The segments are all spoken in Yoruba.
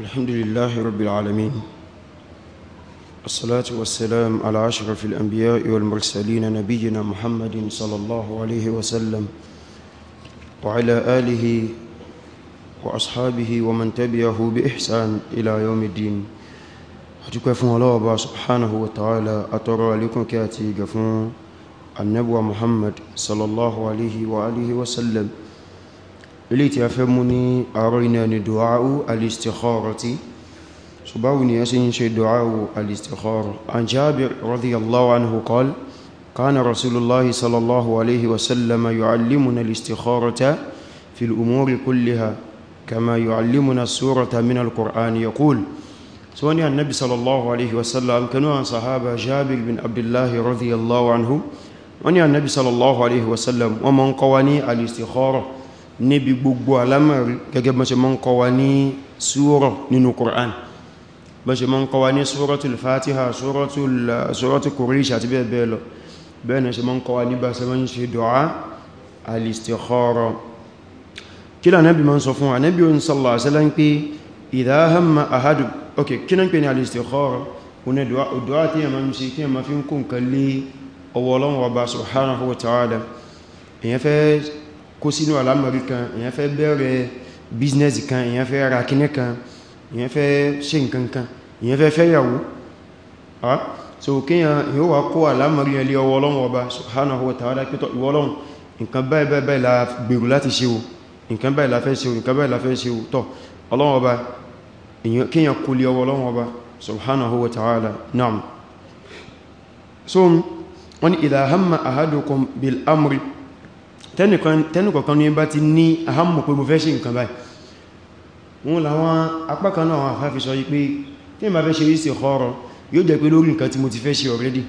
الحمد لله رب العالمين الصلاة والسلام على أشرف الأنبياء والمرسلين نبينا محمد صلى الله عليه وسلم وعلى آله وأصحابه ومن تبعه بإحسان إلى يوم الدين أتكى فون الله سبحانه وتعالى أترى لكم كاتي فون النبوة محمد صلى الله عليه وآله وسلم ilé tí a fẹ́ mú ní àárọ̀ iná ni du'a'u al-istikharati so báwo ni a كان رسول الله صلى الله عليه وسلم يعلمنا الاستخارة في الأمور كلها كما يعلمنا السورة من القرآن يقول سواني النبي صلى الله عليه وسلم كانوا صحابة جابر بن عبد الله رضي الله عنه واني النبي صلى الله عليه وسلم ومن قواني الاستخارة níbi gbogbo alámàrí gẹ́gẹ́ bọ́n ṣe mọ́ ń kọ́ wa ní súrọ̀ nínú Qur'an bọ́n ṣe mọ́ ń kọ́ wa ní súrọ̀tul Fatiha súrọ̀tul Quraysh àti bẹ́ẹ̀ bẹ́ẹ̀ lọ bẹ́ẹ̀ náà ṣe mọ́ ń kọ́ wa ní bá ṣe mọ́ ń ṣe du'a al-istikhara kí lọ Ànábì mọ́ ń sọ fún wa Ànábì ó ń sallallahu alaihi wasallam kó sínú alámọ̀rí kan èyàn fẹ́ bẹ̀rẹ̀ bíznẹ́sì kan èyàn fẹ́ ra kíní kan èyàn fẹ́ ṣe nǹkan kan èyàn fẹ́ fẹ́yàwó so kíyàn yóò wá kó alámọ̀rí ẹlẹ́ ọwọ́ ọlọ́run ọba subhanahu wa ta'ala pẹ́tọ̀ ìwọ ọlọ́run nǹkan báyìí báyìí la gbèrú láti ṣe o nǹkan báyìí la fẹ́ ṣe o nǹkan báyìí la fẹ́ ṣe o tọ́ ọlọ́run ọba kíyàn kó lé ọwọ́ ọlọ́run ọba subhanahu bil amri tẹ́nìkọ̀ọ̀kan ní bá ti ní àhámọ̀ pé mo fẹ́ ṣe nǹkan báyìí wọ́n láwọn apákan náà àwọn àfáfi sọ pé tí ma fẹ́ ṣe istikhara yóò jẹ́ pé lórí nǹkan tí mo ti fẹ́ ṣe already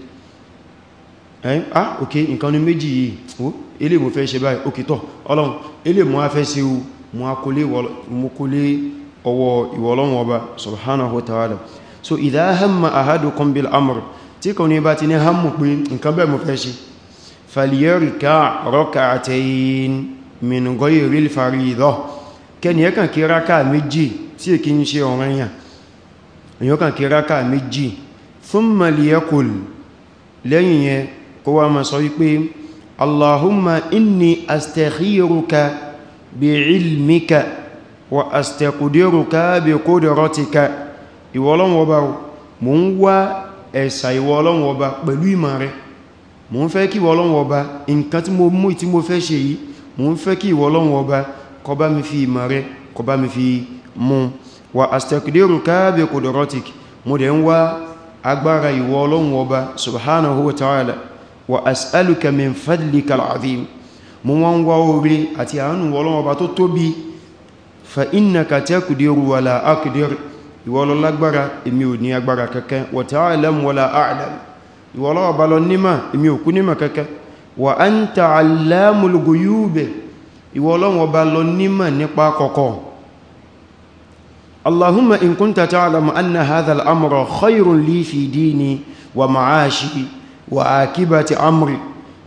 tí kò ní bá ti ní hámù pé nǹkan bẹ́ẹ̀ mo fẹ́ ṣe fàlìyàríkà rọ́kà àtẹ́yìn mìnúgọ́ ìrìl faridọ́ kẹni ẹkàn kí rákà méjì tí è kí ń ṣe ọ̀ranyàn èyàn kàn kí rákà méjì fún maliyakul lẹ́yìn yẹn kó wá ma sọ wípé allahumma inni astakhiruka bi ilmika wa astaqdiruka bi qudratika ìwọ mo ń wá ẹ̀sà ìwọ pẹ̀lú ìmọ̀ rẹ̀ mo ń fẹ́ kí ìwọ Ọlọ́run ọba nǹkan tí mo mú tí mo fẹ́ ṣe yìí mo ń fẹ́ kí ìwọ Ọlọ́run ọba kó bá mi fi ìmọ̀ rẹ kó mi fi mú wa astaqdiruka bi qudratik mo dẹ̀ ń wá agbára ìwọ ọba wa ta'ala wala a'lam ìwọ Ọlọ́run bá lọ nímà èmi òkú nímà kankan wa anta allamul guyube ìwọ Ọlọ́run bá lọ nímà nípa kọ̀kọ̀ allahumma in kunta ta'lamu anna hadha al-amra khayrun li fi dini wa ma'ashi wa akibati amri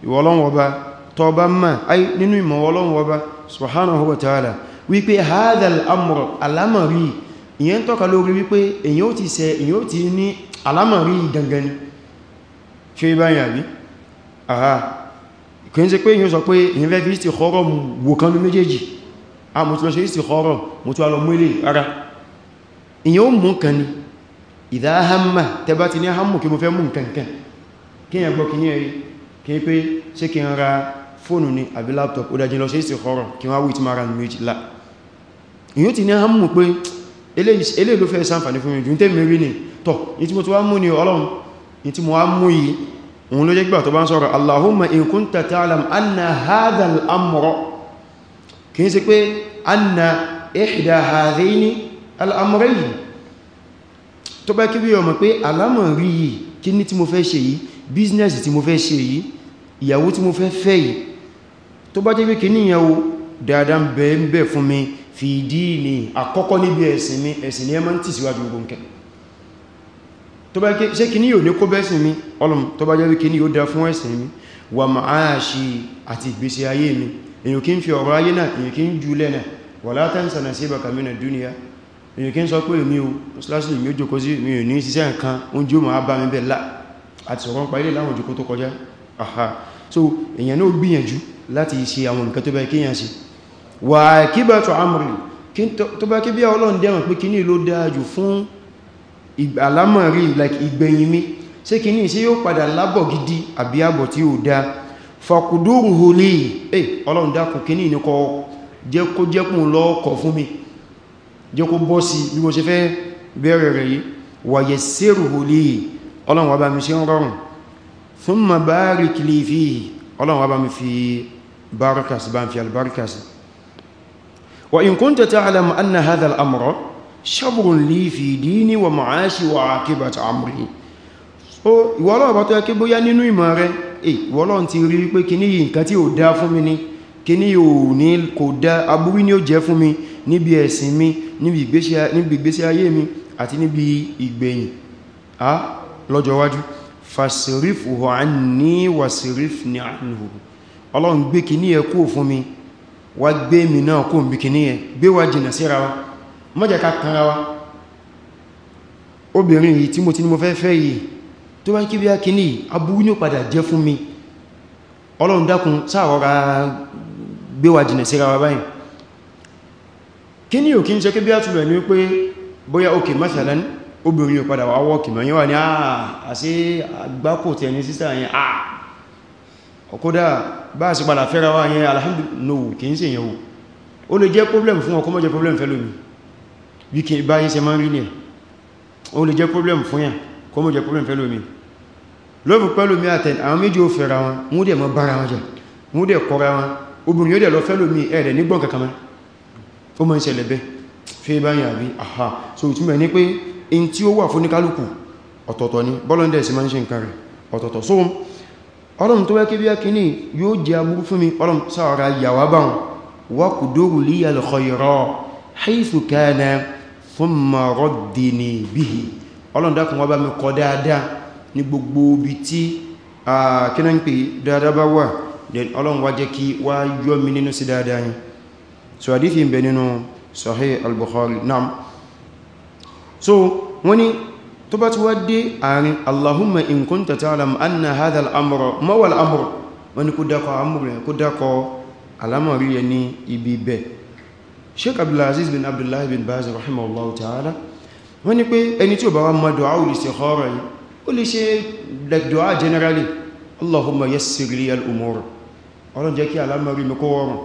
ìwọ Ọlọ́run bá tó wípé hadha al alamari ìyẹn tọ́ka lórí wípé èyàn ó ti ní alamari gangan ṣe báyìí àbí àhá kìí ṣe pé yíò sọ pé èyí fẹ́ fi ìsì ọ̀rọ̀ wò kan ní méjèèjì a mú tí lọ ṣe ìsì ọ̀rọ̀ mú tí wà lọ múlé ara ìyẹn ó mú kan ni ìdáhámà tẹbá ti ní hámù kí mo fẹ́ mú nkankan kí yẹn gbọ́ kí yẹn rí kí yẹn pé ṣe kí n ra fóònù ni àbí láptọ̀pù ó dájí lọ ṣe ni tọ̀ ní tí mo ti wá ìtí mo á mú yìí òun ló jẹ́ gbà tó bá ń sọ̀rọ̀ Allahumma in kunta ta'lam anna hadha al-amra kìí sí pé anna ihda hadhaini al-amrayn tó bá kí bí ọmọ pé alámọ̀rí yìí kí ní tí mo fẹ́ ṣe yìí business tí mo fẹ́ ṣe yìí ìyàwó tí mo fẹ́ fẹ́ yìí tó bá jẹ́ pé kí ní ìyàwó dáadáa ń bẹ fún mi fi dini àkọ́kọ́ níbi ẹ̀sìn mi ẹ̀sìn ni ẹ máa ń tìsíwájú gbogbo nǹkan tó bá ké ṣe kìní yóò ní kó bẹ́sìn mi ọlọ́m tó bá jẹ́ kìní yóò dá fún ẹ̀sìn mi wà ma'áṣì àti ìgbésí ayé mi èyàn kí ń fi ọ̀rọ̀ ayé náà èyàn kí ń jù lẹ́nà wà látẹ́nsà náà sí bàkà mìíràn dúnìyà èyàn kí ń sọ pé mi ò sláṣìlì aha so èyàn náà gbìyànjú láti ṣe àwọn nǹkan tó bá kí yàn sí wà kí bá tó amúrì tó bá kí bí ọlọ́run dẹ́mọ̀ pé kí àlámọ̀ rí like ìgbẹ̀yìn mi ṣé kí ní ṣe yóò padà lábọ̀ gidi àbí àbọ̀ tí ó dá fàkùdúrù holí eh ọlọ́run dákùn kí ní ìníkọ jẹ́ kó jẹ́kùn lọ́ọ̀kọ̀ fún mi jẹ́ kó bọ́ sí bí mo ṣe fẹ́ bẹ̀rẹ̀ rẹ̀ yìí wàyẹ̀ sẹ́rù holí ọlọ́run wá bá mi ṣabrun lè fi dini wa ma'ashi wa akibat amri o ìwọ́lọ́ bá tó yẹ kí bóyá nínú ìmọ̀ rẹ̀ e, ìwọ́lọ́ ti rí wípé kíní yìí nǹkan tí ò dá fún mi ní kíní ò ní kò dá aburú ní ó jẹ́ fún mi níbi ẹ̀sìn mi níbi ìgbésí ayé mi àti níbi ìgbẹ̀yìn a lọ́jọ́ wájú fasirifuhu anni wasirifni anhu mọ́jẹ̀ ká wa obìnrin yìí tí mo ti ní mo fẹ́ fẹ́ yìí tó bá ń kí bí á kìíní aburú ní padà jẹ́ fún mi ọlọ́run dákun sáàrọ́ra gbéwà jìnà síra wa báyìí kí ní òkí ń ṣe kí bí a túnbẹ̀ ní pé bóyá òkè mẹ́sàlán obìnrin yóò padà wáwọ́ kìmọ̀ yíwà ní ní problem fún ọkọ́ mọ́jẹ́ problem wíkí báyí ṣe máa ń rí ní ẹ̀ o lè jẹ́ problem fún yà kó mọ́ jẹ́ problem fẹ́lú mi lóòfù pẹ́lú mi àtẹ̀ àwọn méjì ó fẹ́ra wọn mú dẹ̀ mọ́ bára wọn jà mú dẹ̀ kọra wọn obìnrin yóò dẹ̀ lọ fẹ́lú mi ẹ̀rẹ̀ nígbọ́n kankan ó mọ́ ń ṣẹlẹ̀ bẹ́ fẹ́ báyí àbí àhá so ìtumọ̀ ní pé in tí ó wà fún níkálùkù ọ̀tọ̀ọ̀tọ̀ ni haythu kana thumma raddini bihi ọlọ́run dákun wá bá mi kọ dáadáa ní gbogbo ibi tí kí náà ń pè dáadáa bá wà then ọlọ́run wá jẹ́ kí wá yọ mi nínú sí dáadáa yìí so àdífì ń bẹ nínú Sahih al-Bukhari ẹni ibi bẹ́ẹ̀ sheik abdulaziz bin abdullahi bin baz rahimahullahu ta'ala wọ́n ní pé ẹni tí ó bá wá mọ́ dùá ò lè ṣe kọ́rọ̀ yìí ó lè ṣe dùá generally allahumma yassir li al-umur ọlọ́n jẹ́ kí alamari mi kó rọrùn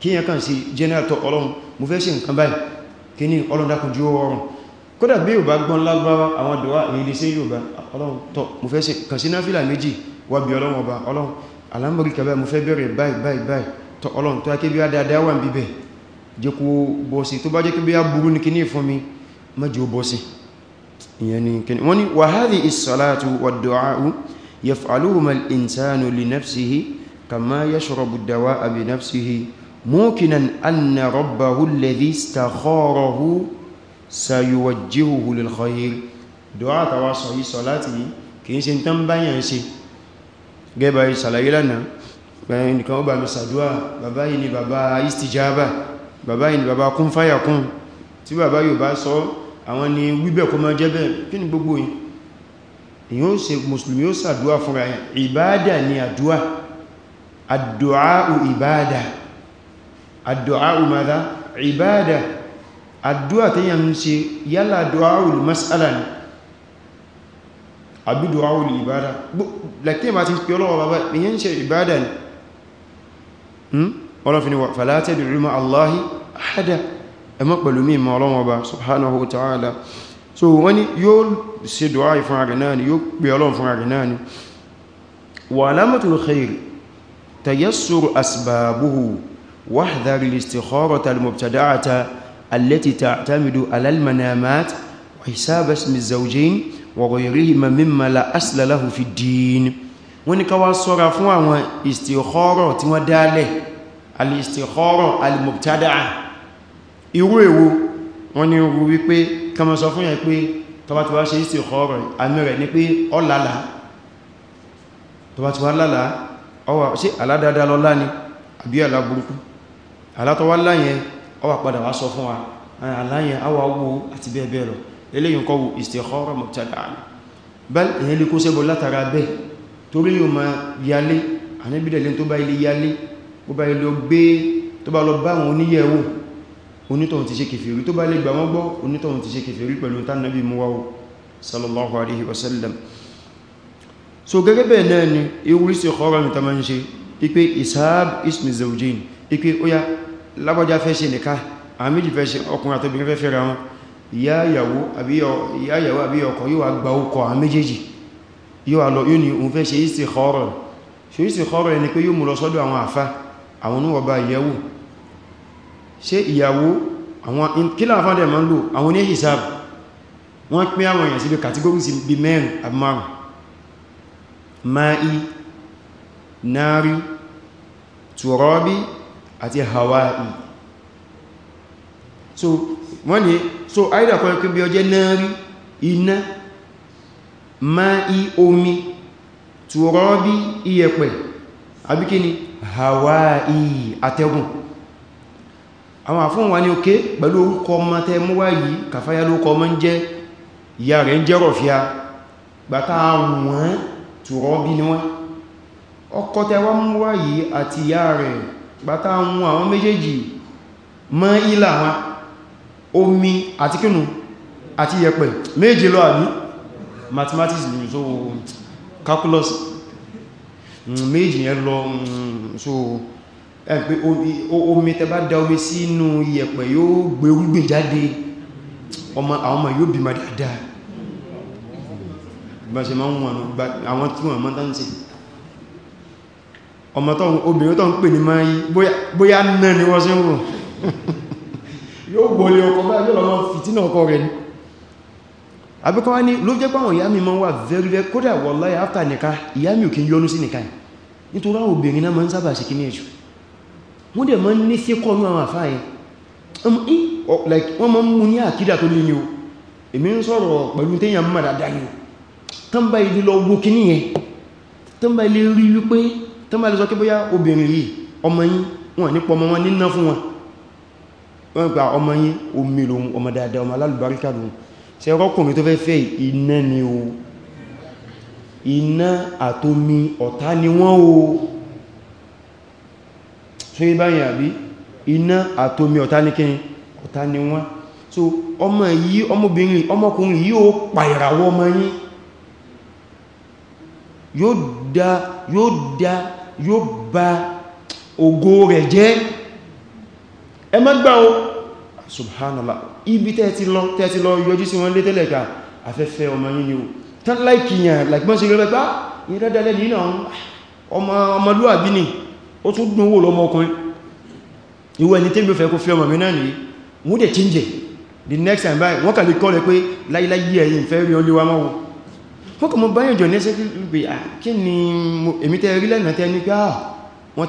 kí yẹn kàn sí general tó ọlọ́run mo fẹ́ ṣe nǹkan báyìí kí ní ọlọ́n dákun jú rọrùn kódà bí yóò bá gbọ́n lágbára àwọn dùá èyí lè ṣe yóò bá ọlọ́run tọ́ mo fẹ́ ṣe jẹ́ kó bọ́sí tó bá jẹ́ kí bí a burú ní kíní fún mi mẹ́jọ bọ́sí ìyẹn ni kíní wọ́n ni wa hadhihi as-salatu wad-du'a'u yaf'aluhuma al-insanu li nafsihi kama yashrabu ad-dawa'a bi nafsihi mukinan anna bàbá yìí bàbá kún fáyà kún tí bàbá yóò bá sọ àwọn ni wíbẹ̀ kó máa jẹ́bẹ̀ kí ni gbogbo yìí èyí ó ṣe mùsùlùmí ó sàdúwà fúnra ẹ̀ ìbádà ni àdúwà àdúwà ìbádà àdúwà mada ìbádà àdúwà tí yà ń ṣe yálà àdúwà olùmọ́sálà ni ọlọ́fin wa fàlátẹ́ bí rímọ̀ aláhí àádá ẹmọ́ pẹ̀lú mí ma ọlọ́wọ́ bá subhanahu wa ta'ala so wọ́n ni yóò ṣe dùá ìfún àrì náà ni yóò pè ọlọ́run fún àrì náà ni wa alamatul khair tayassur asbabuhu wahdhar al-istikharata al-mubtada'ata allati ta'tamidu ala wọ́n ni ká wá ṣọ́ra fún àwọn istikhara tí wọ́n dálẹ̀ al-istikhara al-mubtada'a irú èwo wọ́n ní rú wípé kama sọ fún yẹn pé tọba tí wá ṣe istikhara àmì rẹ̀ ní pé ọlàlá tọba tí wá lálàá ọwà sí aládádá lọ́lá ni àbí aláburúkú alátọwà láyẹn ọwà padà wá sọ fún wa aláyẹn awà wo àti bẹ́ẹ̀ bẹ́ẹ̀ lọ eléyìn kọwù istikhara mubtada'a bal èyàn lè kó sẹ́bọ̀ látara ó bá ilé gbé tó bá lọ bá àwọn oníyẹ̀wò onítọ̀hún ti ṣe kèfèrí tó bá lè gbà wọ́n gbọ́ onítọ̀hún ti ṣe kèfèrí pẹ̀lú tánàbí muwawo sallallahu alaihi wasallam so gẹ́gẹ́ bẹ́ẹ̀ náà ni ewúrísí ọkọ̀ọ́rọ̀ mi ta ma ń ṣe ipé ishab ismi zaujin ipé ó yá lágbàjá fẹ́ ṣe nìká àmìjì fẹ́ ṣe ọkùnrin àtobìnrin fẹ́ fẹ́ra wọn ìyáyàwó àbí ọkọ ẹni pé yóò mú lọ sọ́dọ̀ àwọn àfá àwọn oníwọ̀bá ìyẹ̀wò ṣe ìyàwó àwọn kílà fàndẹ̀ ma ń lò àwọn oní ìsàbù wọ́n pín àwọn èèyàn síbi kàtígórí sí bí mẹ́rin àbí márùn ma'i nari turabi àti hawaii so wọ́n ni so aida kọ́ ẹkùn bí ọjẹ́ nari iná ma'i omi turabi iyẹ̀pẹ̀ àbíkíni hawaii atẹ́gùn àwọn àfún wa ní oké pẹ̀lú orúkọ ọmọ tẹ mú wá yìí kàfáyà ló kọ ọmọ ń jẹ́ ìyá rẹ̀ ń jẹ́rọ̀ fíà gbàtà wọ́n tùrọ́ bí ni wọ́n ọkọ tẹ wá mú wá yìí àti ìyá rẹ̀ gbàtà wọn àwọn méjèèjì mọ́ ìlà wọn omi àti kínú àti yẹ̀pẹ̀ méje lọ àní mathematics ni so calculus Mm, méjì yẹn lọ mm, so ẹn pé omi tẹ bá da omi sínú iyẹ̀pẹ̀ yóò gbé orúgbìn jáde ọmọ àwọn ọmọ yóò bí ma dáadáa bá ṣe máa ń wọn àwọn tí wọ́n mọ́ tán sí ọmọ tó obìnrin tó ń pè ní máa yí bóyá náà ni wọ́n sí ń rùn yóò gbọ́lé ọkọ̀ bá yóò lọ fìtínà ọkọ̀ rẹ̀ ni àbíkọ́ wá ní ló jẹ́ pàwọn ìyá mi mọ́ wà very very kódà wallahi after nìkan ìyá mi ò kí ń yọnú sí nìkan nítorí àwọn obìnrin náà mọ́ ń sábà sí kíní ẹ̀jù wọ́n dẹ̀ mọ́ ní sí kọ́nú àwọn àfáàyẹ wọ́n mọ́ mú ní àkídà tó lé ní o èmi ń sọ̀rọ̀ pẹ̀lú téèyàn mọ́ dáadáa yìí tán bá ilé lọ wo kíní yẹn tán bá ilé rí wípé tán bá ilé sọ kí bóyá obìnrin yìí ọmọ yín wọn nípa ọmọ wọn níná fún wọn wọ́n gba ọmọ yín omi lòun ọmọ dáadáa ọmọ alálùbáríkà lòun se ọkọ̀kùnrin tó fẹ́ fẹ́ iná ni o iná àtomi ọ̀tá ni wọ́n o tó yí báyìí àbí iná àtomi ọ̀tá ní kí ọ̀tá ni wọ́n so ọmọ yí ọmọbìnrin ọmọkùnrin yí ó pa ìràwọ̀ ọmọ yín yóò da yóò da yóò ba ògo rẹ̀ jẹ́ ẹ má gbà subhanallah ibi tẹ́ẹ̀tí lọ tẹ́ẹ̀tí lọ yọjú sí wọn lé tẹ́lẹ̀ ká ah, afẹ́fẹ́ ọmọ yìí ni ó tán láìkì yàn láìpọ́n sí rẹ̀ pá ìrẹ́dẹ̀lẹ́ nínú ọmọ ọmọlúwàbí ni ó tún dùn wò lọ́mọ ọkùnrin ìwọ ẹni tí ah, ah, wọ́n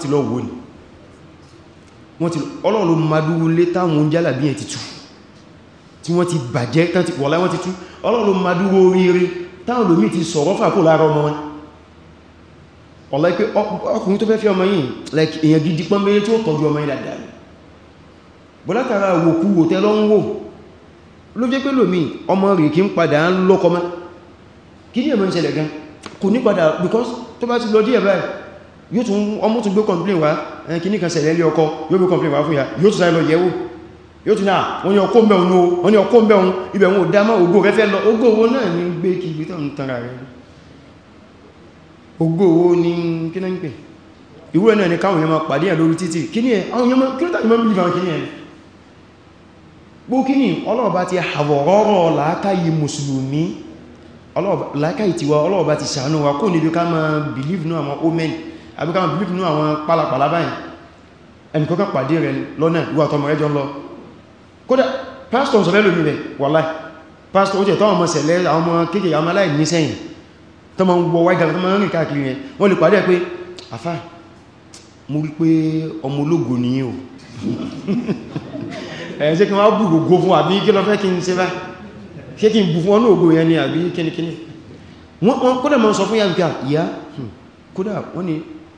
ti lọ wò ní wọ́n ti ọlọ́run ló madúrú lé táwọn jálàbí ẹ̀ ti tú tí wọ́n ti bàjẹ́ tán ti wọ̀lá wọ́n ti tú ọlọ́run ló madúrú oríire táwọn lómi ti sọ̀rọ̀ fàkó lára ọmọ wọn ọ̀lá pé ọkùnrin tó fẹ́ fi ọmọ yìí like èyàn gidi pọ́n mẹ́rin tí ó tọ́jú ọmọ yìí dáadáa bọ́látara wòkú wò tẹ́ lọ́n wò ló jẹ́ pé lómi ọmọ rẹ̀ kí ń padà ń lọ́kọ mọ́ kí ní ẹ̀mọ́ ń ṣẹlẹ̀ gan kò ní padà because tó bá ti lọ díẹ̀ báyìí yóò tún ọmọ tún gbé complain wá kìní kan ṣẹlẹ̀ lé ọkọ yóò gbé complain wá fún ya yóò tún sáré lọ yẹ̀wò yóò tún náà wọ́n ni ọkọ́ mẹ́un ní wọ́n ni ọkọ́ mẹ́un ibẹ̀ wọn ò dámọ́ ògo rẹ fẹ́ lọ ògo owó náà ní gbé kí ibi tán tanra rẹ ògo owó ní kí náà ń pè ìwú ẹ̀ náà ni káwọn yẹmọ pàdé ẹ̀ lórí títì kí ni ẹ̀ àwọn yẹmọ kí ló tàbí mọ́ bí kí ni ẹ̀ gbó kí ni ọlọ́ọ̀bá ti àwọ̀rọ̀rọ̀ làákàyè mùsùlùmí làákàyè tiwa ọlọ́ọ̀bá ti ṣàánú wa kó níbi ká máa believe náà àwọn omen àbí káwọn believe nínú àwọn pálapàla báyìí ẹni kọ́kàn pàdé rẹ̀ lọ́nà ìwà tọmọ rẹ̀ jọ lọ kódà pastor sọ lẹ́lòmí rẹ̀ wàláì pastor ó jẹ́ tọ́wọ́n mọ́ sẹ̀lẹ́ àwọn ọmọ kéèkè àwọn aláì ní sẹ́yìn tó ma ń wọ wáìdà tó ma ń rìn káàkiri yẹn wọ́n lè pàdé pé àfá mo rí pé ọmọ ológo ní o ẹ̀yìn sí kí wọ́n bù gbogbo ni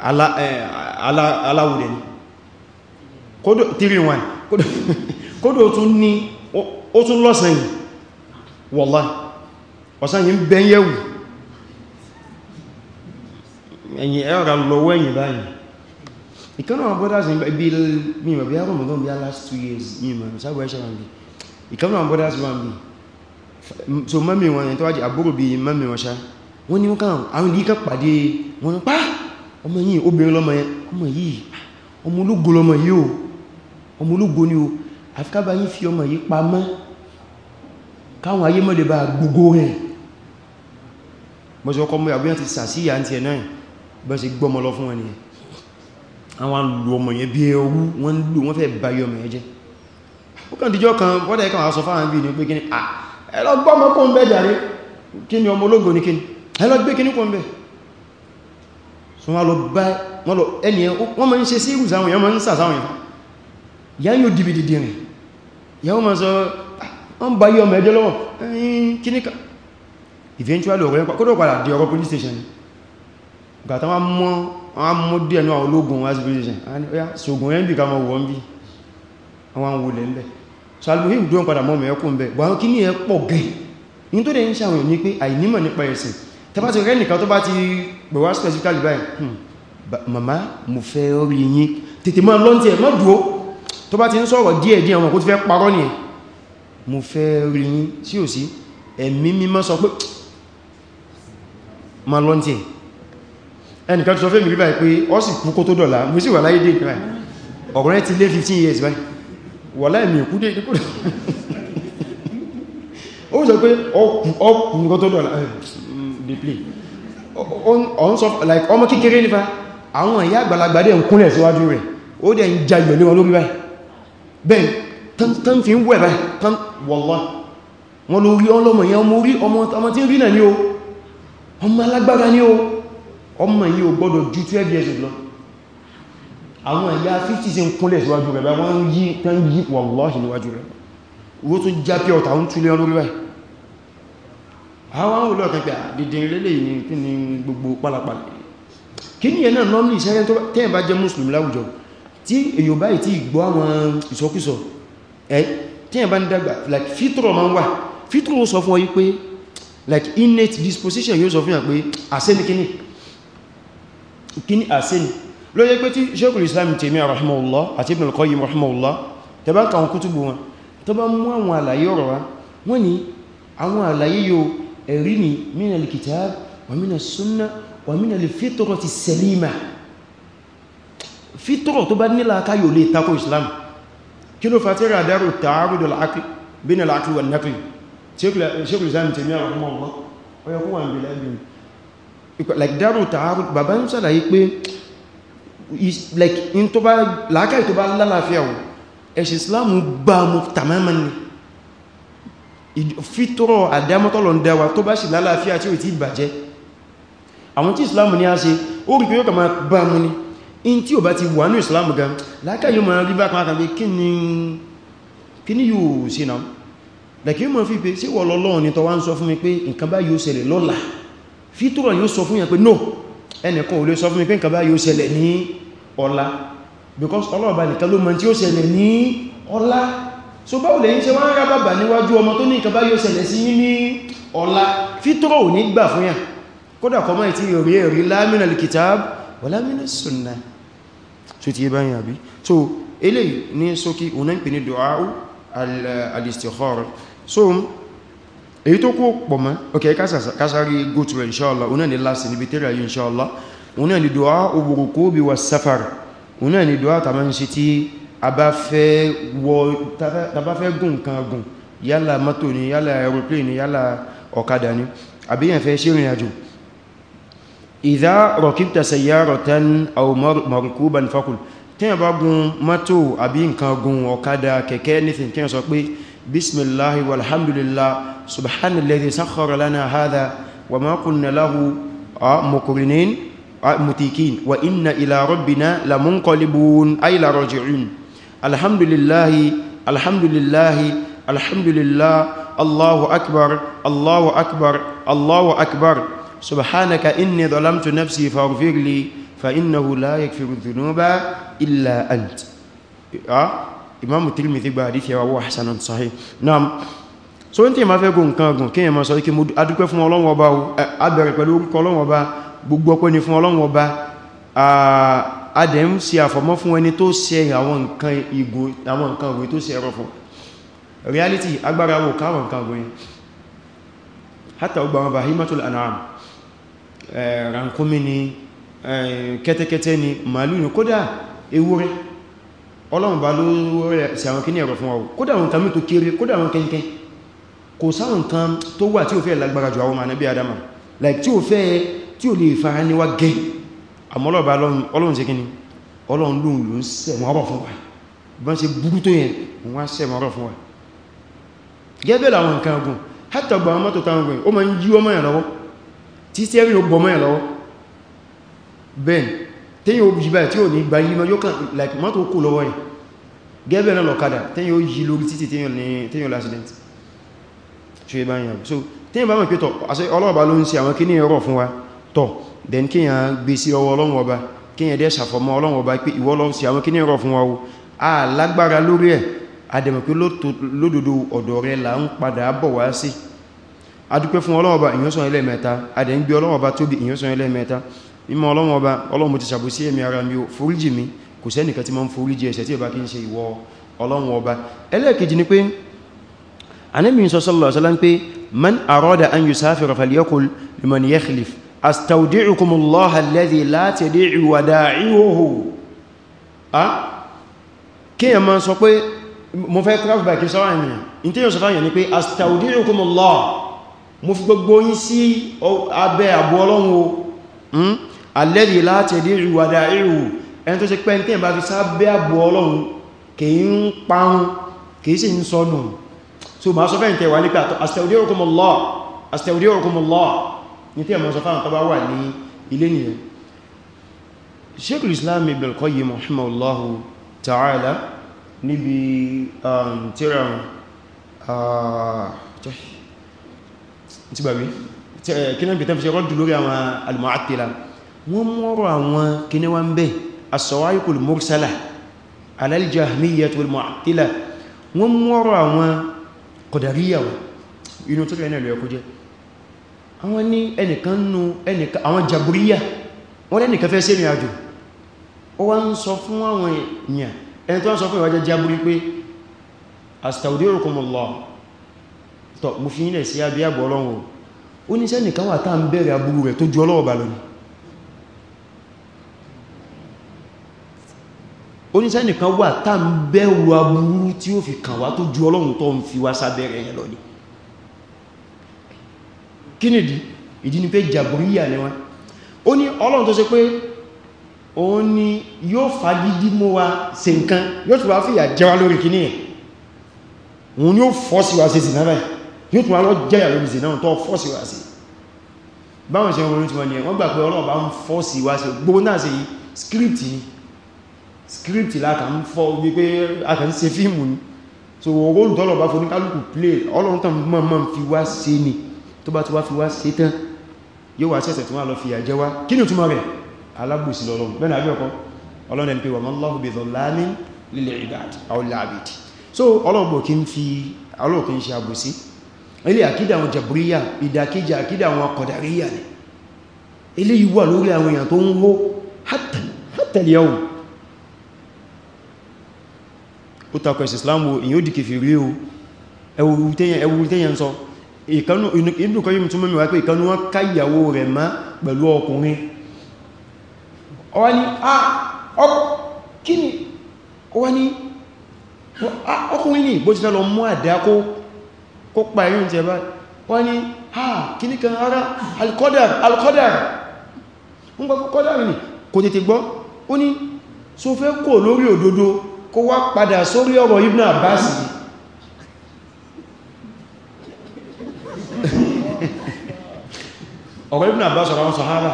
Eh, aláwùdẹ̀ ni kódò 3-1 kódò tún ní ó tún lọ́sàn yìí wọ́lá ọ̀sán yìí ń bẹ́ yẹ̀wù ẹ̀yìn ẹ̀rọ lọ́wọ́ ẹ̀yìn báyìí ìkánà àwọn brothers ní bí mímọ̀ bí arùn mọ̀dán bí last two years mímọ̀ sáàbọ̀ ẹ̀ṣẹ̀ wọn bí ìkánà àwọn brothers wọn bí so mọ́mí wọn yẹn tó wájí àbúrò bí mọ́mí wọn ṣá wọ́n ni wọ́n kàn àwọn ìdíkà pàdé wọn pàá ọmọ yìí obìnrin lọ́mọ yẹn ọmọ yìí ọmọ ológo lọ́mọ yìí o ọmọ ológo ni o àfikábà yìí fi ọmọ yìí pamọ́ káwọn ayé mọ́lẹ̀ bá gbogbo rẹ̀ mọ́sí ọkọ̀ mọ́ àbúyàn ti sàsíyà àti ẹ̀ náà bẹ́ sí gbọ́mọ lọ fún wọn nìyẹn àwọn lò ọmọ yẹn bí ẹrú wọ́n lò wọ́n fẹ́ báyọ ọmọ yẹn jẹ́ ó kàn díjọ́ kan wọ́n dẹ̀ kàn sọ fáwọn bí ní pé kí ni ẹlọgbọ́mọ kó ń bẹ́ jàre kí ni ọmọ ológo ní kí ni ẹlọgbé kí ni kó ń bẹ́ wọ́n lọ bá wọ́n lọ ẹni wọ́n ma ń ṣe sí ìrùsà àwọn èèyàn ma ń sà sáwọn èèyàn ya yóò dìbì dìdì rìn yàwó ma sọ ah, wọ́n bá yọ mẹ́jọ lọ́wọ́ kíníkà eventually ọ̀rẹ́ kódò padà di ọ̀rọ̀ police station gàtà wọ́n mọ́ díẹ̀ náà ológun wá sí police station ṣògùn ẹ́ ń bì ká mọ́ wọ́n bí wọ́n wò lẹ́ ńbẹ̀ so alùhìn dúró padà mọ́ mẹ́ẹ̀kùn bẹ̀ bọ̀ àwọn kíní tẹbá ti rẹ́ nìkan tó bá ti gbẹ̀wà specifically báyìí hmm, màmá mo fẹ́ orí yìí tètè máa lọ́n tí ẹ̀ mọ́ dúó tó bá ti ń sọ̀rọ̀ díẹ̀ díẹ̀ wọn kó ti fẹ́ parọ́ ní ẹ̀ mo fẹ́ orí yìí sí ò sí ẹ̀mí mímọ́ sọ pé máa lọ́n tí ẹ̀ ẹnìkan tó sọ fẹ́ mi rí báyìí pé ó sì kú kó tó dọ̀la mo sì wà láyé dé ìkìlá ọ̀rẹ́ ti lé 15 years báyìí wà láì mi kú dé ìkúdé ó sọ pé ọkùn kó tó dọ̀la ẹ̀ they play on on so like ọmọ kékeré nípa àwọn ìyá àgbàlagbà dẹ̀ ń kúnlẹ̀ síwájú rẹ̀ ó dẹ̀ ń jayọ̀ lé wọn lórí báyìí bẹ́ẹ̀ tán fi ń wẹ̀ báyìí tán wallahi wọn ló rí ọlọ́mọ yẹn ọmọ orí ọmọ tí ń rí náà ní o ọmọ alágbára ní o ọmọ yìí ò gbọ́dọ̀ ju 12 years lọ àwọn ìyá 50 sí ń kúnlẹ̀ síwájú rẹ̀ bá wọ́n yí tán yí wallahi níwájú rẹ̀ wó tún jápẹ́ ọ̀tà ń túlé ọlórí báyìí àwọn olóòkan pé ah, dìdìn lélẹ̀ ní kí ni gbogbo pálapàlà kí ní ẹ̀nà nọ́mí ìṣẹ́rẹ́ tó tẹ́yìn bá jẹ́ mùsùlùmí láwùjọ tí èyò báyìí tí gbọ́ àwọn ìsọkúsọ tẹ́yìn bá ń dàgbà like fítọ̀rọ̀ ma ń wà fítọ̀rọ̀ like innate disposition yóò sọ fún yà pé àṣẹ́ni kíní kíní àṣẹ́ni ló yẹ Islam Taymiyyah rahimahullah àti Ibn al-Qayyim rahimahullah tẹ́bá kan kútùbù wọn tó bá mú àwọn ni àwọn àlàyé yóò ẹ̀rí ni min al-kitab wa min as-sunna wa min al-fitrati as-salima fítọ̀rọ̀ tó bá nílá káyò lè takò islam kí ló fàtí ràdárò ta'arud al-aql bayna al-aql wal-naql Shaykhul Islam Taymiyyah rahimahullah ọyọkún wà nílẹ̀ ẹgbẹ̀rún like dárò fítọ́rọ̀ àdámọ́tọ́lọ̀ ń dáwà tó bá sì lálàáfíà tí ó ti bàjẹ́ àwọn tí islam ní a ṣe ó rí pé yóò kàmà bá mú ní in tí ó bá ti wà ní islam gan láká yóò máa rí bá kan àtàbí kí ni yóò ṣe náà lẹ́kí yóò máa fi pé sí wọ́lọ́lọ́run ni tọwá ń sọ fún mi pé nǹkan bá yóò no ẹnìkan ò lè sọ fún mi pé because ọlọ́ọ̀bá nìkan ló mọ̀ tí ó ṣẹlẹ̀ ní so báwo lẹ́yìn ṣe wọ́n rábàbà níwájú ọmọ tó ní nǹkan bá yóò ṣẹlẹ̀ sí yí ní ọ̀la fítọ́rọ̀ ò ní gbà fún yà kódà kọmọ́ ìtí rí ẹ̀rí lámìnà alkitab wà lámìnà sunna so ti yé báyìí àbí so eléyìí ní sókí òun ń pè ní du'a al-istikhara so èyí tó kó pọ̀ mọ́ ok kásàrí àbá fẹ́ wọ tàbá fẹ́ gùn kan gùn yálà mọ́tò ni yálà aeroplane ni yálà ọ̀kadà ni àbíyàn fẹ́ ṣe ìrìnàjò ìdá rọ̀kípta sayyaratan aw marukuban fakul tí a bá gùn mọ́tò àbí nǹkan gùn ọ̀kadà kẹ̀kẹ́ anything tí a sọ pé bismillahi walhamdulillah subhanalladhi sakhkhara lana hadha wa ma kunna lahu muqrinin mutikin wa inna ila rabbina lamunqalibun ay la raji'un alhamdulillahi alhamdulillahi alhamdulillah allahu akbar allahu akbar allahu akbar subhanaka inni zalamtu nafsi faghfir li fa innahu la yaghfiru dhunuba illa ant ah, imam tirmidhi gba hadith yawa wa hasanan sahih naam so nti ma fẹ́ go nǹkan gun kiyan ma sọ kí mo adúpẹ́ fún Ọlọ́hun Ọba o abere pẹ̀lú orúkọ Ọlọ́hun Ọba gbogbo ọpẹ́ ni fún Ọlọ́hun Ọba ah adẹ̀ ń ṣe àfọ̀mọ́ fún ẹni tó ṣe àwọn nǹkan ìgò àwọn nǹkan ìgò tó ṣe ẹ̀rọ fún reality agbára wò káwọn nǹkan ìgò yẹn hátà ọgbà wọn bahimatul an'am rankumi ni kẹ́tẹ́kẹ́tẹ́ ni màálù ni kódà ewúrẹ́ ọlọ́run bá ló rẹ̀ sí àwọn kíní ẹ̀rọ fún ọwọ́ kódà àwọn nǹkan mítò kéré kódà àwọn kẹ́kẹ́ kò like tí ò fẹ́ tí àmọ́lọ́bà ọlọ́run ṣe kíni ọlọ́run lóhun ló ń sẹ̀mọ́rọ̀ fún wa bọ́n ṣe burú tó yẹn wọ́n sẹ̀mọ́rọ̀ fún wa gẹ́bẹ̀ làwọn nǹkan ọgbọ̀n hátàgbà mọ́tò táwọn ọgbọ̀n ó ma ń yí ọmọ yẹn lọ́wọ́ tí sẹ́rin ó gbọmọ́ yẹn lọ́wọ́ bẹ́ẹ̀ tẹ́yìn ó jìbá tí ò ní gba yí mọ́tò kò lọ́wọ́ yẹn gẹ́bẹ̀ náà lọ́kadà tẹ́yìn ó yí lórí títì tẹ́yìn lásìdẹ̀ntì ṣe bá yẹn so tẹ́yìn bá mọ̀ pé tọ̀ ọlọ́ọ̀bá ló ń ṣe àwọn kíní ẹ̀rọ fún wa tọ̀ then kíyàn gbé sí ọwọ́ ọlọ́run ọba kíyàn dẹ́ sàfọmọ́ ọlọ́run ọba pé ìwọ lọ́run sí àwọn kíní rọ fún wa o a lágbára lórí ẹ̀ adẹ̀mọ̀ pé lódodo ọ̀dọ̀ rẹ̀ là ń padà bọ̀ wá sí adúpẹ́ fún ọlọ́run ọba ìyọ́sàn ẹlẹ́mẹ́ta adẹ̀ ń gbé ọlọ́run ọba tóbi ìyọ́sàn ẹlẹ́mẹ́ta mímọ́ ọlọ́run ọba ọlọ́run mo ti ṣàbòsí ẹ̀mí ara mi o foríjì mi kò sẹ́nìkan tí ma ń foríjì ẹ̀ṣẹ̀ أستودعكم الله الذي لا تدع وداعيه أه؟ kí ẹ ma sọ pé mo fẹ́ craft by kìí sọ́rọ̀ ènìyàn in tí yóò sọ fáyẹ̀ ni pé astaudirukum Allah mo fi gbogbo yín sí abẹ́ àbú ọlọ́run o alladhi la tadi'u wa da'i'u ẹni tó ṣe pẹ́ tí ẹ bá fi sábẹ́ àbú ọlọ́run kìí ń parun kìí sì ń sọnù so ma sọ fẹ́ ní tí ẹmọ́ sọ fáwọn tó bá wà ní ilé nìyẹn Sheikhul Islam Ibn al-Qayyim rahimahullahu ta'ala níbi tíra tíbàbí kínan bí tẹ́fẹ́ rọ́dù lórí àwọn al-Mu'attila wọ́n mọ́rọ̀ àwọn kíní wọ́n bẹ́ as-sawa'iqul mursala ala al wọ́n mọ́rọ̀ àwọn Qadariyya inú tó rẹ̀ náà lọ jẹ́ àwọn ní ẹnìkan nú ẹnìkan àwọn jàbúríyà wọ́n lẹ́nìkan fẹ́ sí ìrìn àjò ó wá ń sọ fún àwọn èèyàn ẹni tó ń sọ fún ìwájẹ́ jàbúrí pé astaudirukumullah tọ́ mú fi ilẹ̀ sí abíyàbọ̀ ọlọ́run ó ní sẹ́nìkan wà tá ń bẹ̀rẹ̀ aburú kí nìdí ìdí ni pé jàbúríyà ni wọ́n ó ní ọlọ́run tó ṣe pé òun ni yóò fagídí mú wa ṣe nǹkan yóò tún wá fìyà jẹwa lórí kìíní ẹ̀ òun yóò fọ́sí wa ṣe sìnà báyìí yóò tún wá lọ jẹ́yà lórí sìnà tó fọ́sí wa báwọn ṣe wọn tí wọ́n ni ẹ̀ wọ́n gbà pé ọlọ́run bá ń fọ́sí wa ṣe gbogbo náà ṣe script ni script láta ń fọ́ wípé a ni tó bá ti wá fi wá sétán yóò wá sẹ́sẹ̀ tí wọ́n lọ fi àjẹ́ wá kí ni túnmọ̀ rẹ̀ alábùsí lọ́lọ́run bẹ́ẹ̀ so ọlọ́gbọ̀ kí ń fi alóòkú ń ṣe àbòsí ilé àkídà àwọn jàbúríyà ìdàkíjà àkídà àwọn akọ̀dàríyà ni ilé ìwà lórí àwọn èèyàn tó ń hó hátàlíyàwó ó takọ̀ ìsìsìlámù èyàn ó dìkẹ̀ fèrè o ẹwùrú tẹ́yàn sọ ìkanú Ibn Qayyim tún mẹ́mẹ́wàá pé ìkanú wọn káyàwó rẹ̀ má pẹ̀lú ọkùnrin ọwá ni ọkùnrin ní bó ti lọ mú àdá kó pa ẹ̀yìn tẹ bá wọ́n ni ha kí ní kan ara al-qadar al-qadar ń gbọ́ kọ́dàrì ní kò tètè gbọ́ ó ní so fẹ́ kò lórí òdodo kó wá padà sórí ọ̀rọ̀ Ibn Abbas yìí ọ̀rọ̀ Ibn Abbas ọ̀rọ̀ àwọn sàhábà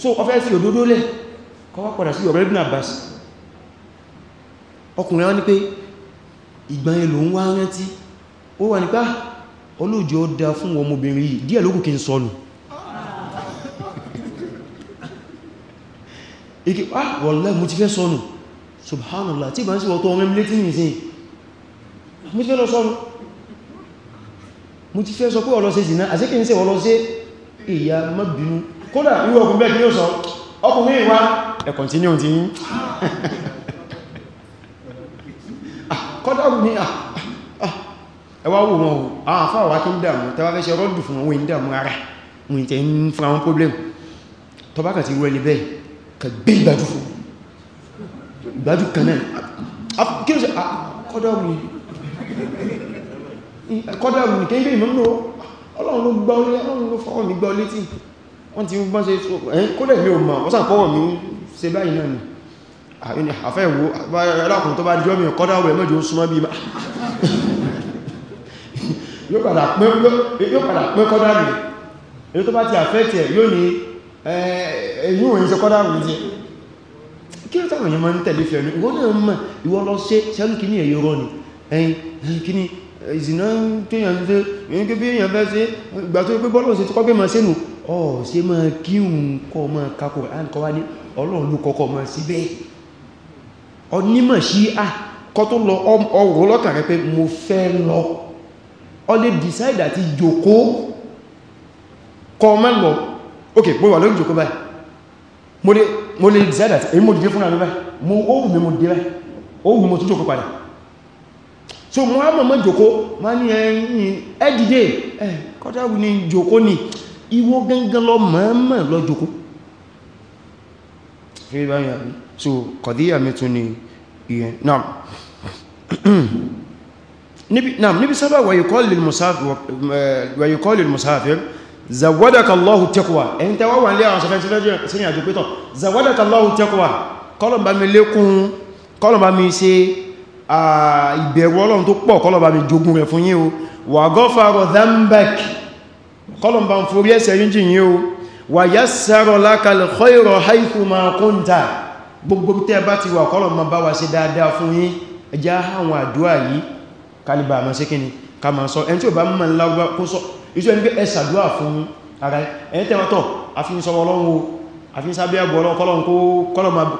so ọfẹ́ fi òdòdó lẹ̀ kọwà padà sí ọ̀rọ̀ Ibn Abbas ọkùnrin wọ́n ní pé ìgbàn èlò ń wá rántí ó wà nípa ah, olóòjò dá fún ọmọbìnrin yìí díẹ̀ lókù kí n sọnù ike ah wallahi mo ti fẹ́ sọnù subhanallah tí bá ń sí ọ̀tọ̀ ọmọ emlétí ní ìsìn mo ti fẹ́ lọ sọnù mo ti fẹ́ sọ pé ọlọ́sẹ̀ sí náà àṣíkì ń sẹ́ ọlọ́sẹ̀ ìyá mọ́bìnú kódà irú ọkùn bẹ́ẹ̀ kí yóò sọ ọkùnrin ìwá ẹ̀ kọ̀ntínú ti yí ah, kódà ọkùnrin ah, ah, ẹwà wò wọn àwọn afọ́wà kí ń dàmú tẹwà fẹ́ ṣe rọ́dù fún wọn ń dàmú ara wọn tẹ́ ń fún àwọn problem tọba kà ti rú ẹni bẹ́ẹ̀ kà gbé ìgbàjú fún ìgbàjú kan náà kí ló ṣe kódà ọkùnrin kódà ọkùnrin kẹ́ ọlọ́run ló gbọ́ ní ọlọ́run ló fọ́wọ́ mi gbọ́ létí wọ́n ti gbọ́n ṣe ẹ̀yìn kó lẹ̀ mi ò mọ̀ wọ́n sàpọ̀wọ̀ mi ṣe báyìí náà ni àwọn àfẹ́ ìwò alákùn tó bá jọ mi kọ́dáwẹ̀ mẹ́jọ ó súnmọ́ bí yóò padà pẹ́ kọ́dáwẹ̀ èyí tó bá ti àfẹ́ tẹ̀ yóò ní ẹ̀yìn òyìn ṣe kọ́dáwẹ̀ tí kí ló táwọn èèyàn máa ń tẹ̀lé fẹ́ ní ìwọ́n náà mọ̀ ìwọ́n lọ ṣe ṣẹ́lú kìíní ẹ̀yọ́ rọ́ ni ẹ̀yìn kìíní ìsìná tíyàn ṣe yìí kí bí èyàn fẹ́ ṣe ìgbà tó pé bọ́lọ̀ sí tó kọ́gbé máa sínú ọ̀ sí ma kí òun kọ́ máa kakọ̀ àǹkọ́ wá ní ọlọ́run ló kọ́kọ́ máa sí bẹ́ẹ̀ onímọ̀ sí à kọ́ tó lọ ọrọ̀ lọ́kàn rẹ pé mo fẹ́ lọ ọ lè decide àti jòkó kọ́ máa lọ ok mo wà lórí jòkó báyìí mo lè decide àti èyí mo dìde fúnra mi báyìí mo ó mo dìde báyìí ó mo tún jòkó padà so muhammad mọ́ jòkó ma ní ẹ̀yìn ẹ̀dìdè ẹ̀ kọ́tàwù ní jòkó ní ìwọ gangan lọ mọ́mọ́ lọ jòkó so kọ̀díyà mẹ́tún ni ìyẹn náà níbi sábà wà yíkọ́ lè musafir zawadaka allahu taqwa ẹ̀yìn tẹwà wà ní àwọn sọfẹ́ sínú àjò pẹ́tọ̀ zawadaka allahu taqwa kọlọ̀mbà mi lékún kọlọ̀mbà mi ṣe ìbẹ̀rù ọlọ́run tó pọ̀ kọlọ̀bà mi jogun rẹ̀ fún yín wà gọ́fàrọ̀ zambek kọlọ̀bà ń forí ẹsẹ̀ yíjì yín o wà yá sẹ́rọ̀ lákàlẹ̀ kọ́ìrọ̀ haifu ma kúnta gbogbo tẹ́ bá ti wà kọlọ̀bà bá wà sí dáadáa fún yín ẹjá àwọn àdúrà yìí kalibà ma ṣe kíni ka ma sọ ẹni tí àfi sábẹ́ àgbọ̀lọ́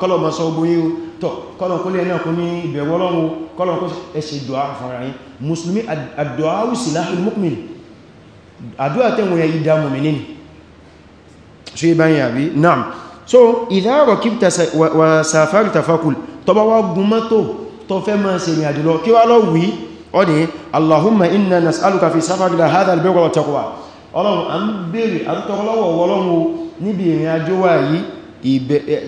kọ́lọ̀ ma sọ ogun yíò tọ́ kọ́lọ̀ kó lè náà kó ní ìbẹ̀rù Ọlọ́run kọ́lọ̀ kó ẹ̀ṣẹ̀ dùá fara yìí musulmi àdùá silahul mu'min àdúrà tẹ́wọ̀n ya ìdá mọ̀mìnì ṣe báyìí àbí náà so idha rakibta wa safarta fakul tọba wa gun mọ́tò tó fẹ́ máa ṣe ìrìn àjò lọ kí wá lọ wí ọdí allahumma inna nas'aluka fi safarina hadha albirra wa taqwa ọlọ́run a ń bèèrè a ń tọrọ lọ́wọ́ ọlọ́run o níbi ìrìn àjò wa yìí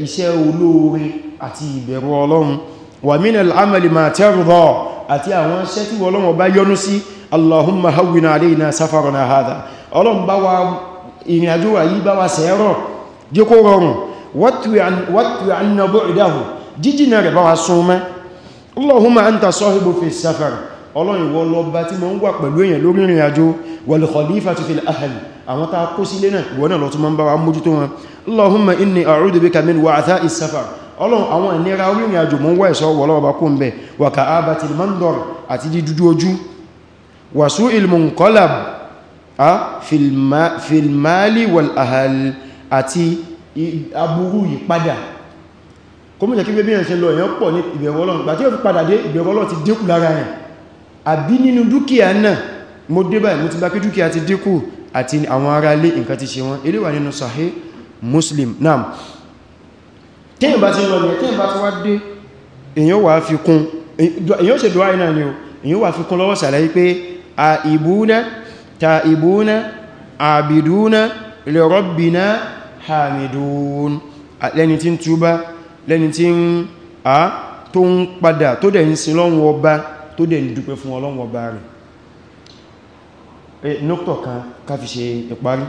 iṣẹ́ olóore àti ìbẹ̀rù ọlọ́run wà mínal amali ma tarda àti àwọn iṣẹ́ tí ọlọ́run bá yọ́nú sí allahumma hawwina alayna safarana hadha ọlọ́run bá wa ìrìn àjò wa yìí bá ọlọ́run ìwọ lọba tí mọ́ ń wà pẹ̀lú èèyàn lórí ìrìn àjò wal khalifatu fil ahl àwọn tàà kó sílé náà ìwọ náà lọ tún mọ́ ń bá wa mójútó wọn Allahumma inni a'udhu bika min wa'tha'is safar ọlọ́run àwọn ìnira orí ìrìn àjò mọ́ ń wà ẹ̀ṣọ́ wọlọ́ọba kó ń bẹ̀ wa ka'abatil mandor àti dídúdú ojú wa su'il munqalab fil mali ẹ̀ àbí nínú dúkìá náà mo dé báyìí mo ti bá pé dúkìá ti dínkù àti àwọn ará ilé nǹkan ti ṣe wọ́n ilé nínú Sahih Muslim náà tẹ́yìn bá ti rọ̀ ní tẹ́yìn bá ti wá dé èyàn wà fi kún èyàn ṣe dùwà iná ni o èyàn wà fi lọ́wọ́ sàlàyé pé a ìbúná ta ìbúná àbìdúná li rabbina hamidun lẹ́ni tí ń túbá lẹ́ni tí ń a tó ń padà tó dẹ̀ ń sin lọ́wọ́ ọba tó dẹ̀ ń dúpẹ́ fún Ọlọ́run ọba rẹ̀ nọ́pọ̀ kan ká fi ṣe ìparí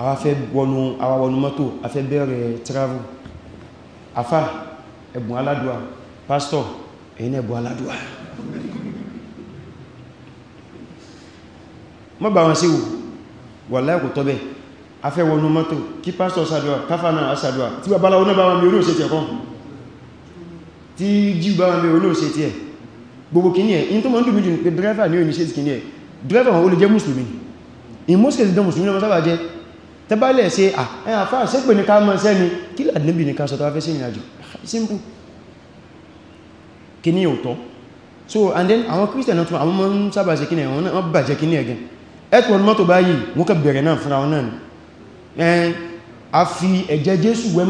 àwa fẹ́ wọnú àwa wọnú mọ́tò a fẹ́ bẹ̀rẹ̀ travel afá ẹ̀bùn aládùá pastor ẹ̀yin ẹ̀bùn aládùá mọ́ bá wọn sí wù wà láìkò tọ́bẹ̀ a fẹ́ wọnú mọ́tò kí pastor sàdùá káfánà sàdùá tí babaláwo náà bá wọn mi olóòṣètì ẹ̀kọ́ tí jíù bá wọn mi olóòṣètì ẹ̀kọ́ gbogbo kìíní ẹ̀ in tó ma ń dùn pé driver ní oníṣẹ́ ìsìnkìíní ẹ̀ driver wọn ó lè jẹ́ musulmi in most cases don musulmi lọ sábà jẹ́ tẹbálẹ̀ ṣe ah, ẹ̀yàn afá ṣe pé ní ká mọ́ sẹ́ni kí làdínlẹ́bì ní ká sọ tọ́wàá fẹ́ sí ìrìnàjò ah, simple kìíní òtọ́ so and then àwọn christian náà tún àwọn mọ́ ń sábà ṣe kìíní ẹ̀wọ̀n náà bàjẹ́ kìíní ẹ̀gẹ́ ẹ̀tùwọ̀n mọ́tò báyìí wọ́n kẹ bẹ̀rẹ̀ náà fúnra wọn náà ẹn a fi ẹ̀jẹ̀ jésù wẹ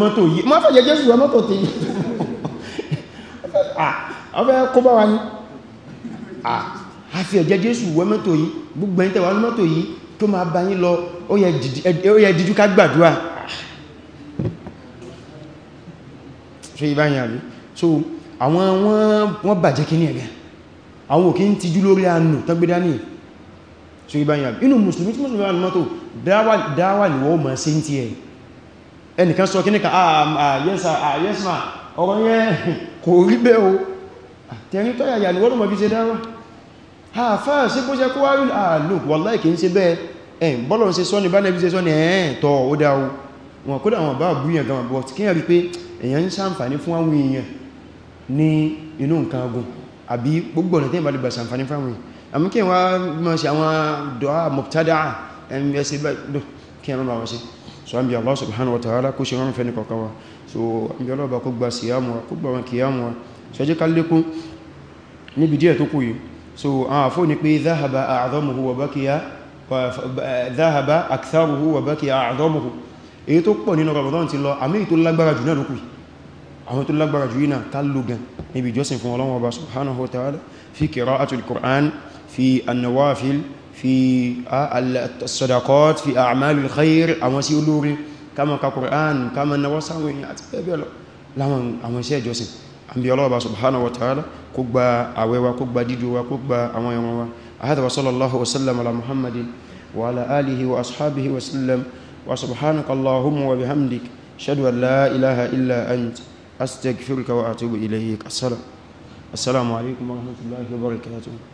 Ah. a fi ẹ̀jẹ̀ Jésù wẹ mọ́tò yìí gbogbo ẹ̀yin tẹ́ wà ní mọ́tò yìí tó máa bá yín lọ ó yẹ díjú ká gbàdúrà ṣe ìbáyìn àrí so àwọn wọ́n bàjẹ́ kí ní ẹ̀gẹ́ àwọn òkè ń tijú lórí àánú tọ́gbédá ní ṣe ìbáyìn àrí inú mùsùlùmí tí mùsùlùmí wà ní mọ́tò dáwà ní wọ́n mọ̀ sí ti ẹ̀ ẹnìkan sọ kíníkà ààyẹ́sà ah, ah, ọ̀rọ̀ yẹn kò rí bẹ́ẹ̀ o tẹ̀rí tọ́yà yà ní wọ́n mọ̀ fi ṣe dáwà àfáà sí bó jẹ́ ah, look, àlòk wàláì kìí ṣe bẹ́ẹ̀ ẹ̀n bọ́lọ̀ ṣe sọ́ni bá lẹ́bí ṣe sọ́ni ẹ̀ẹ́n tọ́ ó dá o wọn kódà wọn bá búyàn gama bọ́ tí kíyàn rí pé èyàn ń sàǹfàní fún àwọn èèyàn ní inú nǹkan ogun àbí gbogbo ọ̀nà tẹ́yìn bá lè gbà sàǹfàní fún àwọn èèyàn àmú kí wọ́n máa ṣe àwọn dọ́à mọ̀tádà ẹ̀mẹ́sẹ̀ bá kí wọ́n máa wọ́n ṣe so an bi Allah subhanahu wa ta'ala kó ṣe rán fẹ́ni kọ̀kan wa so an bi Allah bá kó gba síyàmù wa kó gba wọn kíyàmù wa so jẹ́ ká lékún níbi díẹ̀ tó kù yìí so àwọn àfó ní pé záhàbà a'dhamuhu wa baqiya záhàbà aktharuhu wa baqiya a'dhamuhu èyí tó pọ̀ nínú Ramadan ti lọ àmì tó lágbára jù náà lókù àwọn tó lágbára jù náà ká ló gan níbi ìjọsìn fún Ọlọ́run Ọba subhanahu wa ta'ala fi qira'atul Qur'an àbí ọlọ́ọ̀bá subhanahu wa ta'ala kó gba àwẹ̀ wa kó gba dídó wa kó gba àwọn ẹran wa ahadà wa sallallahu wa sallam ala muhammadin wa ala alihi wa ashabihi wa sallam wa subhanaka allahumma wa bihamdik shadu an la ilaha illa ant astaghfiruka wa atubu ilayk assalamu alaikum wa rahmatullahi wa barakatuh